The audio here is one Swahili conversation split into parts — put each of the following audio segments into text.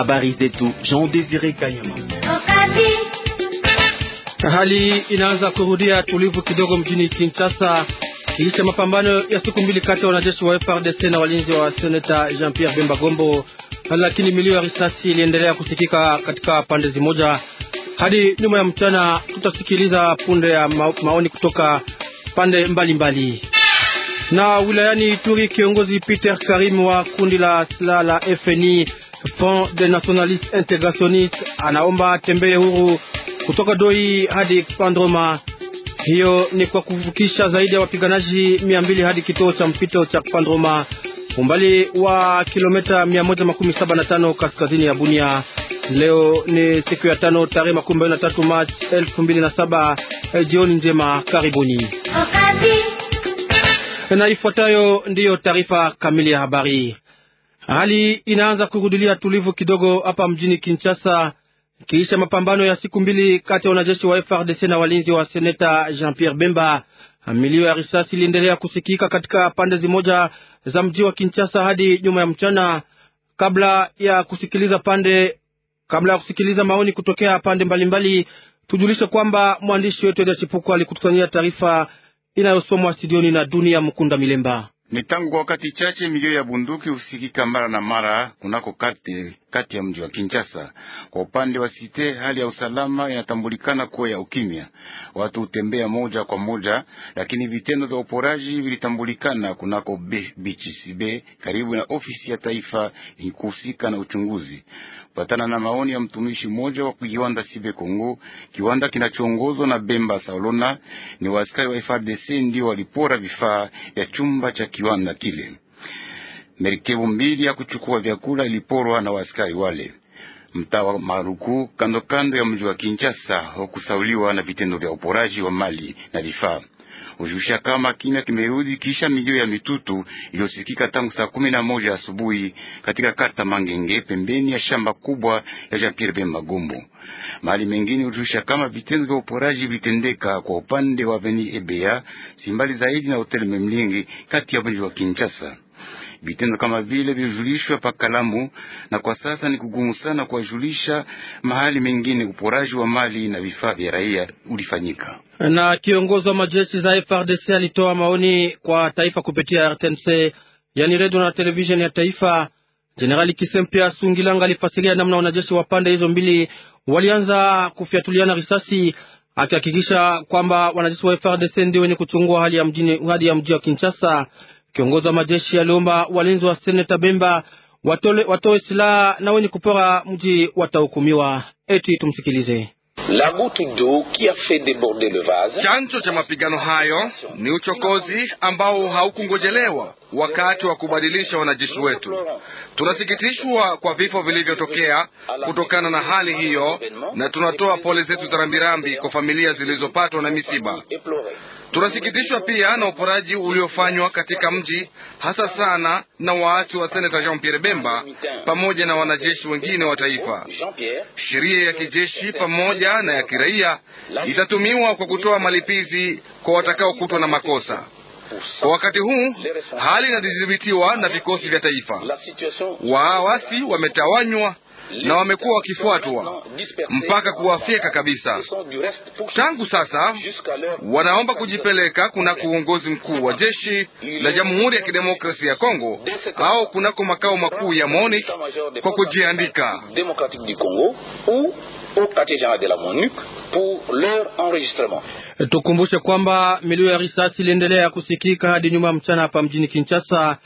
Habari zetu Jean Desire Kanyama. Hali inaanza kurudia tulivu kidogo mjini Kinshasa kisha mapambano ya siku mbili kati ya wanajeshi wa FRDC na walinzi wa seneta Jean-Pierre Bemba Gombo, lakini milio ya risasi iliendelea kusikika katika pande zimoja hadi nyuma ya mchana. Tutasikiliza punde ya ma maoni kutoka pande mbalimbali mbali. Na wilayani Ituri, kiongozi Peter Karim wa kundi la silaha la FNI Front de Nationaliste Integrationiste anaomba tembele huru kutoka Doi hadi pandroma Hiyo ni kwa kuvukisha zaidi ya wapiganaji mia mbili hadi kituo cha mpito cha pandroma umbali wa kilomita 175 kaskazini ya Bunia. Leo ni siku ya tano tarehe makumi mbili na tatu Machi elfu mbili na saba. Eh, jioni njema, karibuni na ifuatayo ndiyo taarifa kamili ya habari. Hali inaanza kurudilia tulivu kidogo hapa mjini Kinshasa kisha mapambano ya siku mbili kati ya wanajeshi wa FRDC na walinzi wa seneta Jean-Pierre Bemba. Milio ya risasi iliendelea kusikika katika pande zimoja za mji wa Kinshasa hadi nyuma ya mchana, kabla ya kusikiliza pande kabla ya kusikiliza maoni kutokea pande mbalimbali. Tujulishe kwamba mwandishi wetu Elia Chipuko alikutukania taarifa inayosomwa studioni na Dunia Mkunda Milemba. Ni tangu wakati chache milio ya bunduki husikika mara na mara kunako kati kati ya mji wa Kinshasa. Kwa upande wa site, hali ya usalama inatambulikana kuwa ya ukimya, watu hutembea moja kwa moja, lakini vitendo vya uporaji vilitambulikana kunako BCCB karibu na ofisi ya taifa inkuhusika na uchunguzi patana na maoni ya mtumishi mmoja wa kiwanda Sibe Kongo, kiwanda kinachoongozwa na Bemba saulona Ni waaskari wa FARDC ndio walipora vifaa ya chumba cha kiwanda kile. Merikebu mbili ya kuchukua vyakula iliporwa na waaskari wale mtaa wa Maruku kando kando ya mji wa Kinshasa, hukusauliwa na vitendo vya uporaji wa mali na vifaa. Kujulisha kama kina kimerudi kisha milio ya mitutu iliyosikika tangu saa kumi na moja asubuhi katika kata Mangenge pembeni ya shamba kubwa ya Jean Pierre Bemba Gombo. Mahali mengine hujulisha kama vitendo vya uporaji vitendeka kwa upande wa Veni Ebea, simbali zaidi na hoteli Memlingi kati ya mji wa Kinshasa vitendo kama vile vilijulishwa pa Kalamu, na kwa sasa ni kugumu sana kuwajulisha mahali mengine uporaji wa mali na vifaa vya raia ulifanyika. Na kiongozi wa majeshi za FRDC alitoa maoni kwa taifa kupitia RTNC, yani redio na televisheni ya taifa. Jenerali Kisempia Sungilanga alifasilia namna wanajeshi wa pande hizo mbili walianza kufyatuliana risasi, akihakikisha kwamba wanajeshi wa FRDC ndio wenye kuchungua hali ya mjini hadi ya mji wa Kinshasa. Kiongozi wa majeshi aliomba walinzi wa seneta Bemba watole, watoe silaha na wenye kupora mji watahukumiwa. Eti tumsikilize. Chanzo cha mapigano hayo ni uchokozi ambao haukungojelewa wakati wa kubadilisha wanajeshi wetu. Tunasikitishwa kwa vifo vilivyotokea kutokana na hali hiyo, na tunatoa pole zetu za rambirambi kwa familia zilizopatwa na misiba. Tunasikitishwa pia na uporaji uliofanywa katika mji hasa sana na waasi wa seneta Jean Pierre Bemba pamoja na wanajeshi wengine wa taifa. Sheria ya kijeshi pamoja na ya kiraia itatumiwa kwa kutoa malipizi kwa watakaokutwa na makosa. Kwa wakati huu hali inadhibitiwa na vikosi vya taifa. Waasi wametawanywa na wamekuwa wakifuatwa mpaka kuwafyeka kabisa. Tangu sasa wanaomba kujipeleka kunako uongozi mkuu wa jeshi la Jamhuri ya Kidemokrasia ya Kongo au kunako makao makuu ya MONUC kwa kujiandika. Tukumbushe kwamba milio ya risasi iliendelea kusikika hadi nyuma mchana hapa mjini Kinshasa,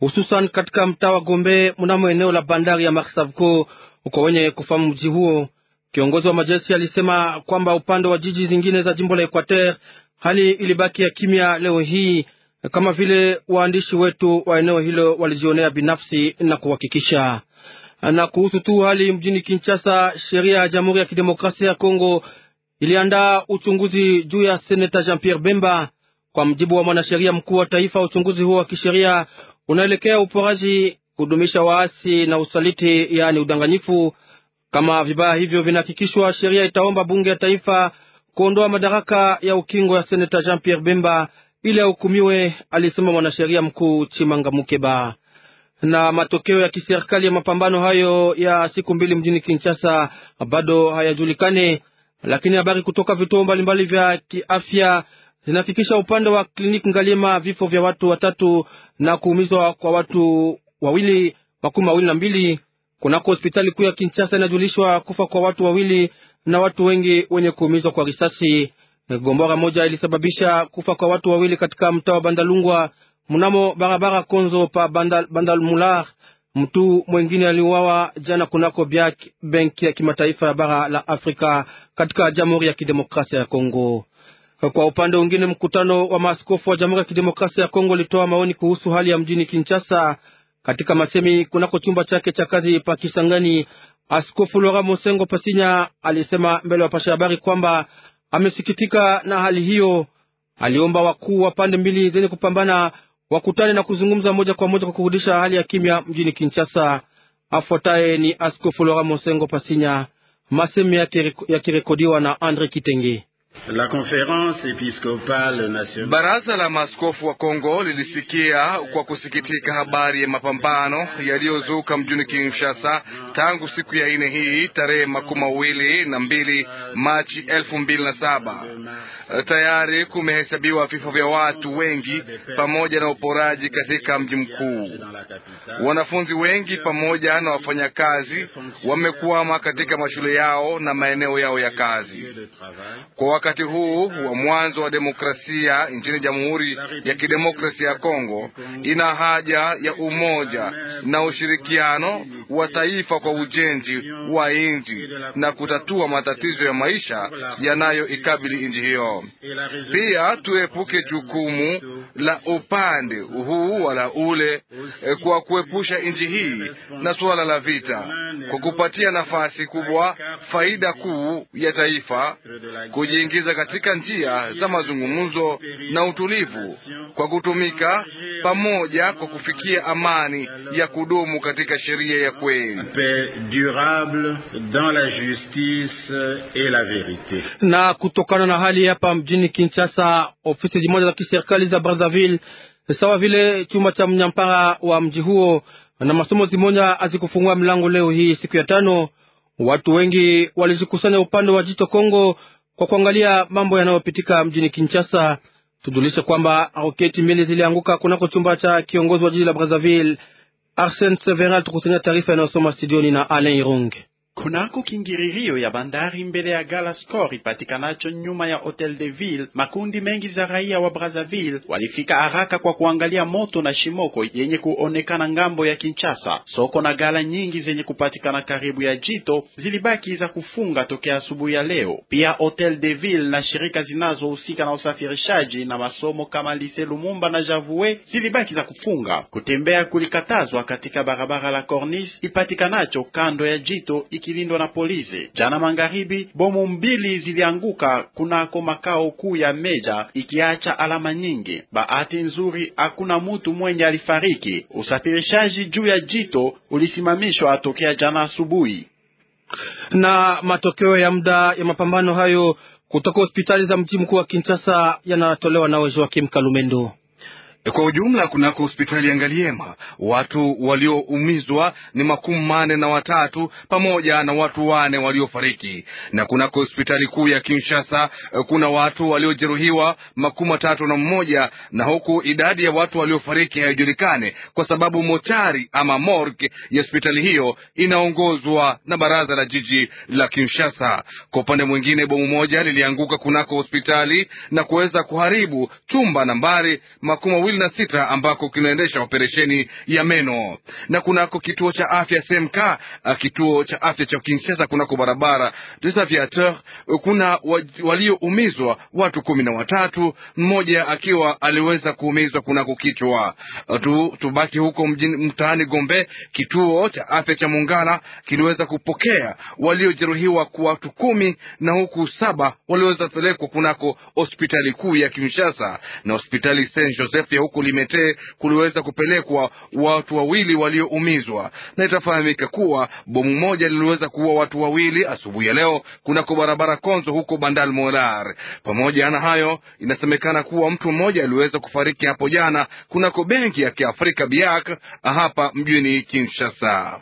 hususan katika mtaa wa Gombe mnamo eneo la bandari ya Marsavco kwa wenye kufahamu mji huo, kiongozi wa majeshi alisema kwamba upande wa jiji zingine za jimbo la Equateur hali ilibaki ya kimya leo hii, kama vile waandishi wetu wa eneo hilo walijionea binafsi na kuhakikisha. Na kuhusu tu hali mjini Kinshasa, sheria ya Jamhuri ya Kidemokrasia ya Kongo iliandaa uchunguzi juu ya seneta Jean-Pierre Bemba. Kwa mjibu wa mwanasheria mkuu wa taifa, uchunguzi huo wa kisheria unaelekea uporaji kudumisha waasi na usaliti, yaani udanganyifu. Kama vibaya hivyo vinahakikishwa, sheria itaomba bunge ya taifa kuondoa madaraka ya ukingo ya seneta Jean Pierre Bemba ili ahukumiwe, alisema mwanasheria mkuu Chimanga Mukeba. Na matokeo ya kiserikali ya mapambano hayo ya siku mbili mjini Kinshasa bado hayajulikani, lakini habari kutoka vituo mbalimbali vya kiafya zinafikisha upande wa kliniki Ngalima vifo vya watu watatu na kuumizwa kwa watu wawili makumi mawili na mbili kunako hospitali kuu ya Kinshasa. Inajulishwa kufa kwa watu wawili na watu wengi wenye kuumizwa kwa risasi. Gombora moja ilisababisha kufa kwa watu wawili katika mtaa wa Bandalungwa mnamo barabara Konzo pa Bandal, Mtu mwengine aliuawa jana kunako Biak, benki ya kimataifa ya bara la Afrika katika Jamhuri ya Kidemokrasia ya Kongo. Kwa upande mwingine, mkutano wa maaskofu wa Jamhuri ya Kidemokrasia ya Kongo ulitoa maoni kuhusu hali ya mjini Kinshasa katika masemi kunako chumba chake cha kazi pa Kisangani. Askofu Lora Mosengo Pasinya alisema mbele pasha habari kwamba amesikitika na hali hiyo. Aliomba wakuu wa pande mbili zenye kupambana wakutane na kuzungumza moja kwa moja kwa kurudisha hali ya kimya mjini Kinshasa. Afuataye ni Askofu Lora Mosengo Pasinya, masemi yakirekodiwa na Andre Kitenge. La conférence épiscopale nationale. Baraza la maskofu wa Kongo lilisikia kwa kusikitika habari ya mapambano yaliyozuka mjini Kinshasa tangu siku ya ine hii tarehe makumi mawili na mbili Machi elfu mbili na saba. Tayari kumehesabiwa vifo vya watu wengi pamoja na uporaji katika mji mkuu. Wanafunzi wengi pamoja na wafanyakazi wamekwama katika mashule yao na maeneo yao ya kazi kwa wakati huu wa mwanzo wa demokrasia nchini Jamhuri ya Kidemokrasia ya Kongo ina haja ya umoja na ushirikiano wa taifa kwa ujenzi wa nchi na kutatua matatizo ya maisha yanayoikabili nchi hiyo. Pia tuepuke jukumu la upande huu wala ule, e, kwa kuepusha nchi hii na suala la vita, kwa kupatia nafasi kubwa faida kuu ya taifa kujiingiza katika njia za mazungumzo na utulivu, kwa kutumika pamoja kwa kufikia amani ya kudumu katika sheria ya kweli na kutokana na hali hapa mjini Kinshasa, ofisi zimoja za kiserikali za Brazzaville, sawa vile chuma cha mnyampara wa mji huo, na masomo zimoja azikufungua mlango leo hii siku ya tano. Watu wengi walizikusanya upande wa jito Kongo kwa kuangalia mambo yanayopitika mjini Kinshasa. Tujulishe kwamba roketi mbili zilianguka kunako chumba cha kiongozi wa jiji la Brazzaville. Arsene Several tukusanya taarifa inayosoma studioni na Alain Irunge. Kunako kingiririo ya bandari mbele ya gala Score ipatikanacho nyuma ya Hotel de Ville, makundi mengi za raia wa Brazzaville walifika haraka kwa kuangalia moto na shimoko yenye kuonekana ngambo ya Kinshasa. Soko na gala nyingi zenye kupatikana karibu ya jito zilibaki za kufunga tokea asubuhi ya leo. Pia Hotel de Ville na shirika zinazohusika na usafirishaji na masomo kama Lise Lumumba na javoué zilibaki za kufunga. Kutembea kulikatazwa katika barabara la Cornice ipatikanacho kando ya jito ikilindwa na polisi. Jana magharibi, bomu mbili zilianguka kunako makao kuu ya Meja ikiacha alama nyingi. Bahati nzuri hakuna mtu mwenye alifariki. Usafirishaji juu ya jito ulisimamishwa tokea jana asubuhi. Na matokeo ya muda ya mapambano hayo kutoka hospitali za mji mkuu wa Kinshasa yanatolewa na Joakim Kalumendo. Kwa ujumla kunako hospitali ya Ngaliema watu walioumizwa ni makumi mane na watatu pamoja na watu wane waliofariki, na kunako hospitali kuu ya Kinshasa kuna watu waliojeruhiwa makumi matatu na mmoja, na huku idadi ya watu waliofariki haijulikane kwa sababu mochari ama morgue ya hospitali hiyo inaongozwa na baraza la jiji la Kinshasa. Kwa upande mwingine, bomu moja lilianguka kunako hospitali na kuweza kuharibu chumba nambari makumi mbili na sita ambako kinaendesha operesheni ya meno na kunako kituo cha afya SMK, eh, kituo cha afya cha Kinshasa kunako barabara des Aviateurs eh, kuna walioumizwa watu kumi na watatu, mmoja akiwa aliweza kuumizwa kunako kichwa eh, tu. Tubaki huko mjini mtaani Gombe, kituo cha afya cha Mungala kiliweza kupokea waliojeruhiwa kwa watu kumi na huku saba waliweza pelekwa kunako hospitali kuu ya Kinshasa na hospitali Saint Joseph ya huko Limete kuliweza kupelekwa watu wawili walioumizwa, na itafahamika kuwa bomu moja liliweza kuua watu wawili asubuhi ya leo kunako barabara Konzo huko Bandal Molar. Pamoja na hayo, inasemekana kuwa mtu mmoja aliweza kufariki hapo jana kunako benki ya Kiafrika BIAK hapa mjini Kinshasa.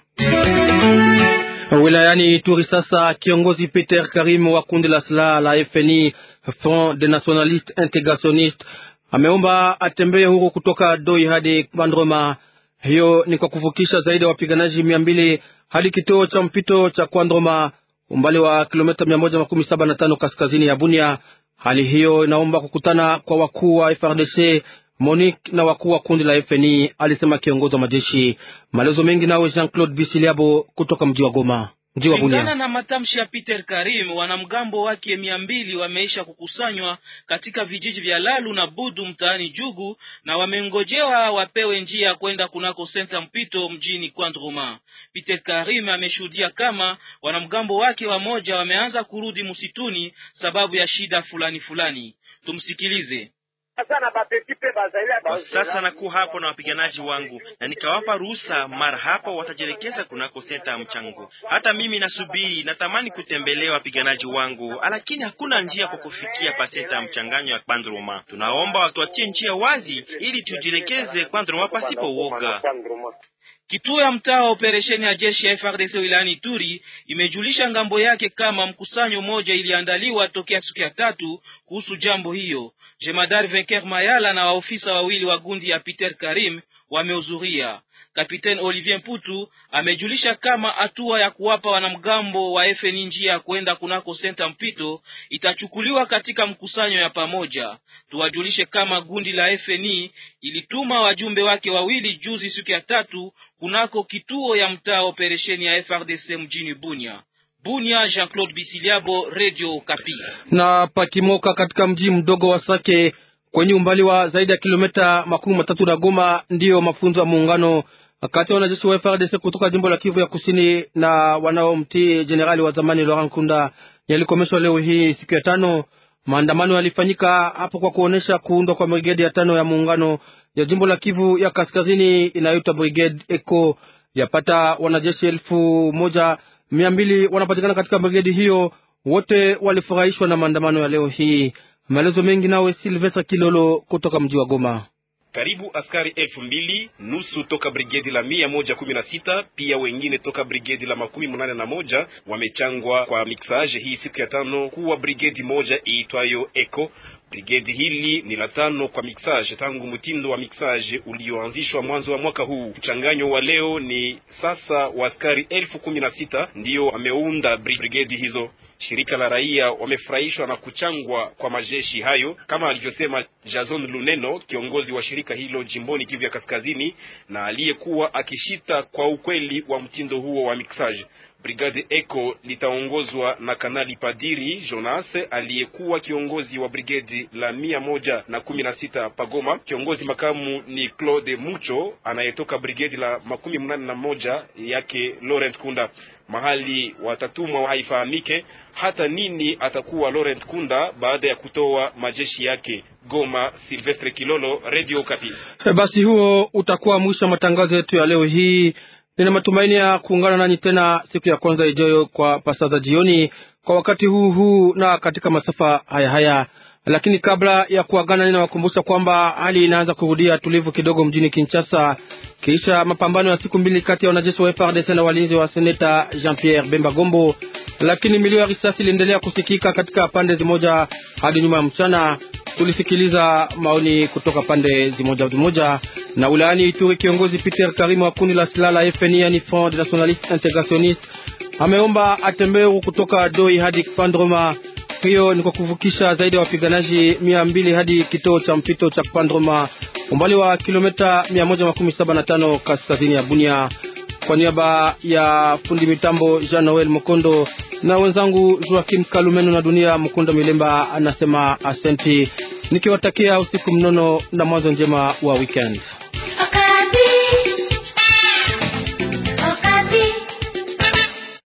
Wilayani Ituri sasa, kiongozi Peter Karim wa kundi la silaha la FNI Front de Nationaliste Integrationiste ameomba atembee huko kutoka Doi hadi Bandroma. Hiyo ni kwa kuvukisha zaidi ya wapiganaji mia mbili hadi kituo cha mpito cha Kwandroma, umbali wa kilomita mia moja makumi saba na tano kaskazini ya Bunia. Hali hiyo inaomba kukutana kwa wakuu wa FRDC Monik na wakuu wa kundi la FNI, alisema kiongozi wa majeshi. Maelezo mengi nawe Jean Claude Bisiliabo kutoka mji wa Goma. Kulingana na matamshi ya Peter Karim, wanamgambo wake mia mbili wameisha kukusanywa katika vijiji vya Lalu na Budu mtaani Jugu na wamengojewa wapewe njia ya kwenda kunako senta mpito mjini Kwandruma. Peter Karim ameshuhudia kama wanamgambo wake wamoja wameanza kurudi msituni sababu ya shida fulani fulani. Tumsikilize sasa nakuwa hapo na wapiganaji wangu na nikawapa ruhusa, mara hapo watajielekeza kunako senta ya mchango. Hata mimi nasubiri, natamani kutembelea wapiganaji wangu, lakini hakuna njia kwa kufikia pa senta ya mchanganyo ya Kwandroma. Tunaomba watuachie njia wazi ili tujielekeze Kwandroma pasipo uoga. Kituo ya mtaa wa operesheni ya jeshi ya FRDC wilayani Turi imejulisha ngambo yake kama mkusanyo moja iliandaliwa tokea siku ya tatu kuhusu jambo hiyo. Jemadari Venker Mayala na waofisa wawili wa gundi ya Peter Karim wamehudhuria. Kapiteni Olivier Mputu amejulisha kama hatua ya kuwapa wanamgambo wa FNI njia ya kwenda kunako senta mpito itachukuliwa katika mkusanyo ya pamoja. Tuwajulishe kama gundi la FNI ilituma wajumbe wake wawili juzi siku ya tatu kunako kituo ya mtaa operesheni ya FRDC mjini Bunia. Bunia, Jean-Claude Bisiliabo, Radio Kapi. Na pakimoka katika mji mdogo wa Sake kwenye umbali wa zaidi ya kilomita makumi matatu na Goma, ndiyo mafunzo ya muungano kati ya wanajeshi wa FRDC kutoka jimbo la Kivu ya kusini na wanaomtii jenerali wa zamani Laurent Nkunda yalikomeshwa leo hii siku ya tano. Maandamano yalifanyika hapo kwa kuonesha kuundwa kwa brigedi ya tano ya muungano ya jimbo la Kivu ya kaskazini inayoitwa Brigade Eco. Yapata wanajeshi elfu moja mia mbili wanapatikana katika brigedi hiyo, wote walifurahishwa na maandamano ya leo hii. Maelezo mengi nawe Silvestre Kilolo kutoka mji wa Goma. Karibu askari elfu mbili nusu toka brigedi la mia moja kumi na sita pia wengine toka brigedi la makumi munane na moja wamechangwa kwa miksaje hii siku ya tano kuwa brigedi moja iitwayo Eko Brigedi hili ni la tano kwa mixage tangu mtindo wa mixage ulioanzishwa mwanzo wa mwaka huu. Mchanganyo wa leo ni sasa askari elfu kumi na sita ndiyo ameunda brigedi hizo. Shirika la raia wamefurahishwa na kuchangwa kwa majeshi hayo, kama alivyosema Jason Luneno, kiongozi wa shirika hilo jimboni Kivu ya Kaskazini na aliyekuwa akishita kwa ukweli wa mtindo huo wa mixage. Brigade Eco litaongozwa na Kanali Padiri Jonas aliyekuwa kiongozi wa brigedi la mia moja na kumi na sita Pagoma. Kiongozi makamu ni Claude Mucho anayetoka brigedi la makumi mnane na moja yake Laurent Kunda. Mahali watatumwa haifahamike hata nini atakuwa Laurent Kunda baada ya kutoa majeshi yake. Goma, Silvestre Kilolo, Radio Kapi. Eh, basi huo utakuwa mwisho wa matangazo yetu ya leo hii. Nina matumaini ya kuungana nanyi tena siku ya kwanza ijayo kwa pasaza jioni kwa wakati huu huu na katika masafa haya haya, lakini kabla ya kuagana, ninawakumbusha kwamba hali inaanza kurudia tulivu kidogo mjini Kinshasa kisha mapambano ya siku mbili kati ya wanajeshi wa FARDC na walinzi wa seneta Jean Pierre Bemba Gombo, lakini milio ya risasi iliendelea kusikika katika pande zimoja hadi nyuma ya mchana. Tulisikiliza maoni kutoka pande zimoja zimoja na wilayani Ituri. Kiongozi Peter Karimu wa kundi la silaha la FNI, yani Front Nationaliste Integrationiste, ameomba atembeu kutoka Doi hadi Pandroma. Hiyo ni kwa kuvukisha zaidi ya wapiganaji mia mbili hadi kituo cha mpito cha Pandroma, umbali wa na 175 kaskazini ya Bunia. Kwa niaba ya fundi mitambo Jean Noel Mokondo na wenzangu Joakim Kalumeno na Dunia Mkunda Milemba anasema asenti, nikiwatakia usiku mnono na mwanzo njema wa weekend.